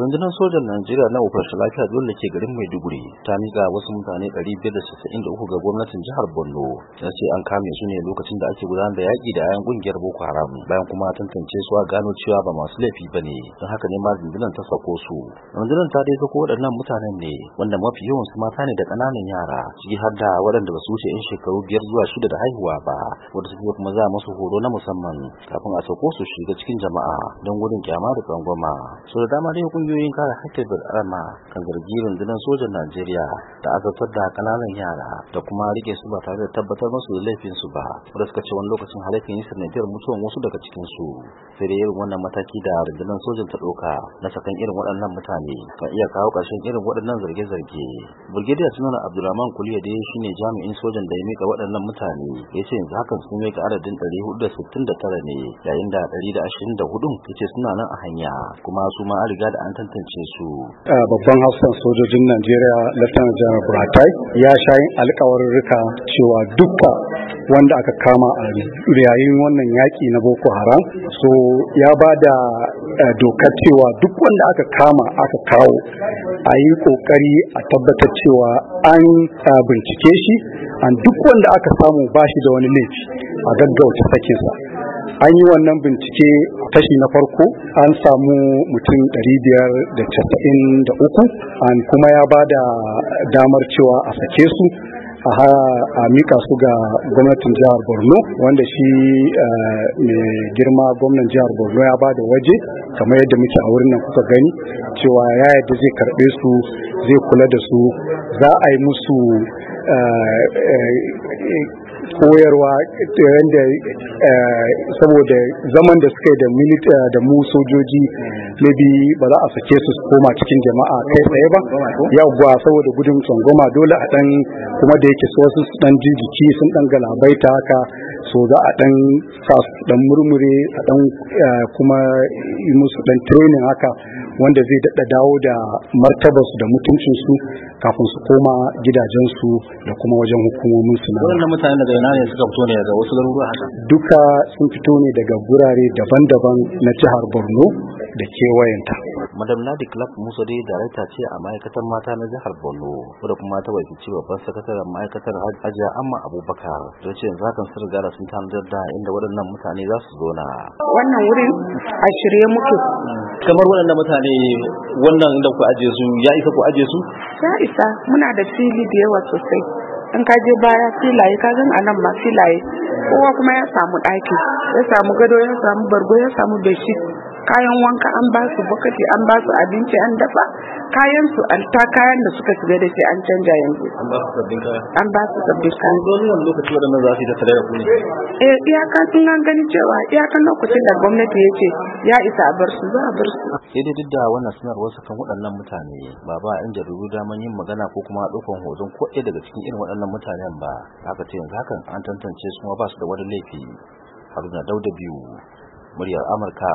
rundunar sojan najeriya na operation lafiya dole ke garin maiduguri ta miƙa wasu mutane 563 ga gwamnatin jihar borno Ya sai an kame su ne lokacin da ake gudanar da yaƙi da ayan ƙungiyar boko haram bayan kuma tantance su a gano cewa ba masu laifi ba ne don haka ne ma rundunar ta sako su rundunar ta dai sako waɗannan mutanen ne wanda mafi yawan su mata ne da ƙananan yara ciki har da waɗanda ba su wuce 'yan shekaru biyar zuwa shida da haihuwa ba wanda suke kuma za musu horo na musamman kafin a sako su shiga cikin jama'a don gudun kyama da tsangwama so da dama dai kungiyoyin kare haƙƙin bil'adama kan zargi rundunar sojan Najeriya da azabtar da kananan yara da kuma rike su ba tare da tabbatar masu da laifinsu su ba. Wanda suka ce wani lokacin halakin yi sanadiyar mutuwan wasu daga cikin su. Sai da irin wannan mataki da rundunar sojan ta ɗauka na sakan irin waɗannan mutane kan iya kawo ƙarshen irin waɗannan zarge-zarge. Brigadier sunan Abdulrahman Kuliya shi shine jami'in sojan da ya mika waɗannan mutane ya ce yanzu hakan sun mika adadin tara ne yayin da da da hudun ya ce suna nan a hanya kuma su ma an riga da an tantance su babban hafsan sojojin najeriya lieutenant general buratai ya sha yin rika cewa duka wanda aka kama a yayin wannan yaƙi na boko haram so ya ba da dokar cewa duk wanda aka kama aka kawo a yi ƙoƙari a tabbatar cewa an bincike shi an duk wanda aka samu ba shi da wani laifi a gaggauta sakinsa an yi wannan bincike tashi na farko an samu mutum 593 an kuma ya ba da damar cewa a sake su a mika su ga gwamnatin jihar borno wanda shi eh, mai girma gwamnan jihar borno ya ba da waje kamar yadda muke a wurin nan kuka gani cewa ya yadda zai karbe su zai kula da su za a yi musu eh, eh, koyarwa yadda eh, saboda zaman da suka yi da mu sojoji maybe ba za a sake su koma cikin jama'a kai tsaye ba yawwa saboda gudun tsangoma dole a dan kuma da yake so wasu dan jijiki sun dan galabaita haka so za a dan sa su dan murmure a dan eh, kuma yi musu dan training haka wanda zai daɗa dawo da martabarsu da mutuncinsu kafin su koma gidajensu da kuma wajen hukumomin su na. daga ina ne suka fito ne daga wasu garuruwa haka duka sun fito ne daga gurare daban-daban na jihar borno da kewayenta madam nadi club musa dai darakta ce a ma'aikatar mata na jihar borno wadda kuma ta wakilci babban sakataren ma'aikatar hajiya amma abubakar da ce yanzu hakan sun gara sun tanadar da inda waɗannan mutane za su zo na wannan wurin a shirye muku kamar waɗannan mutane wannan inda ku ajiye su ya isa ku ajiye su ya isa muna da fili da yawa sosai in ka je baya filaye ka gan a nan ma filaye kowa kuma ya samu ɗaki ya samu gado ya samu bargo ya samu beshit kayan wanka an ba su bukati an ba su abinci an dafa kayan su an ta kayan da suka shiga da shi an canja yanzu an ba su sabbin kaya an ba su sabbin lokaci wadannan za su yi da eh iyaka sun an gani cewa iyakan lokacin da gwamnati ya ce ya isa a bar su za a bar su sai dai duk da wannan sanarwar wasu kan waɗannan mutane ba ba a in jaridu daman yin magana ko kuma ɗaukan hoton ko ɗaya daga cikin irin waɗannan mutanen ba haka ce yanzu hakan an tantance su kuma ba su da wani laifi haruna dauda biyu muryar amurka